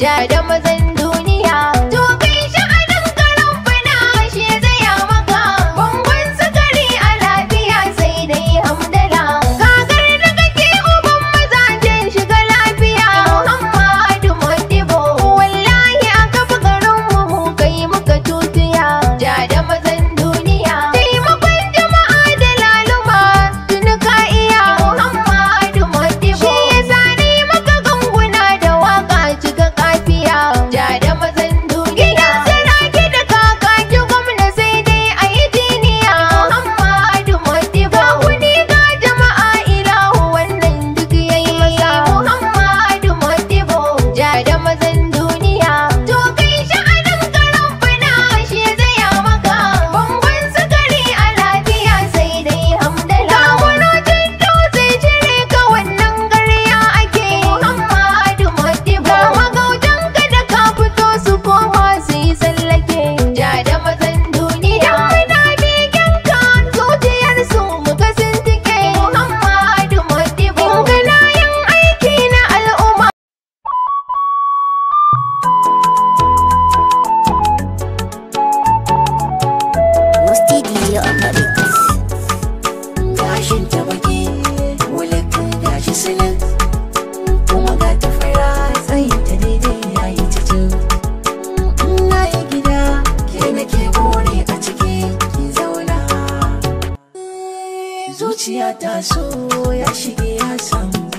Yeah, ta baki wulaka da shi silin kuma ga ta fara tsayin ta daidai ya yi ta jin na yi gida ke nake bore a ciki ki zauna zuciya ta so ya shige samu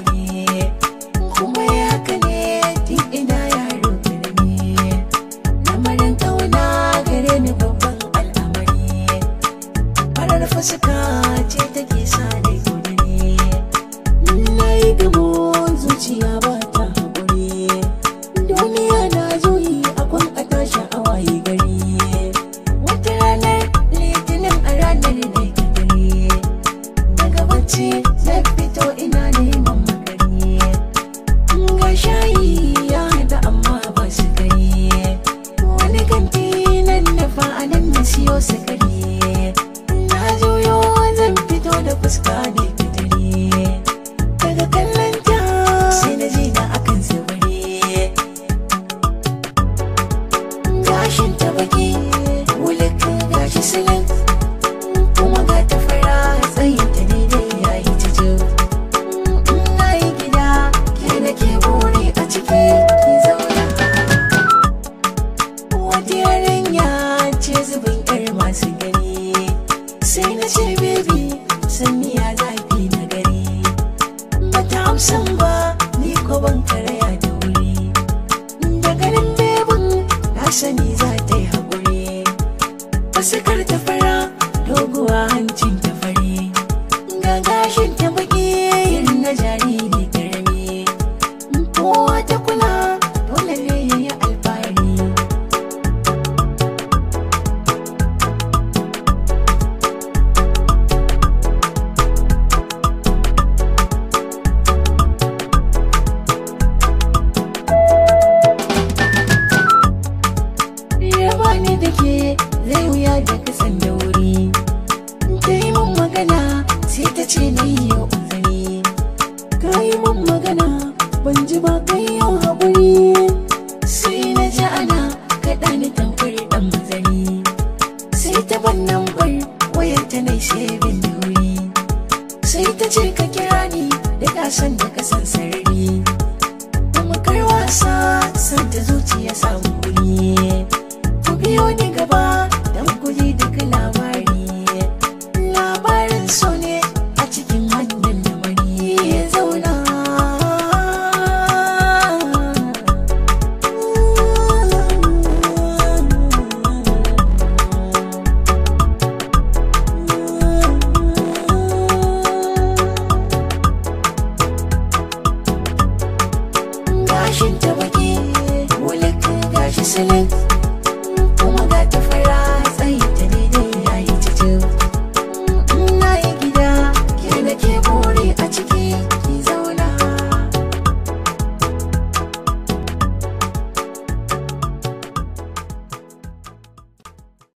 baki sani za ta yi haƙuri wasu kar ta fara doguwa hancin ta fara da zai wuya da kasan da wuri ta mun magana sai ta ce na yi yau uzuri ka mun magana ban ji ba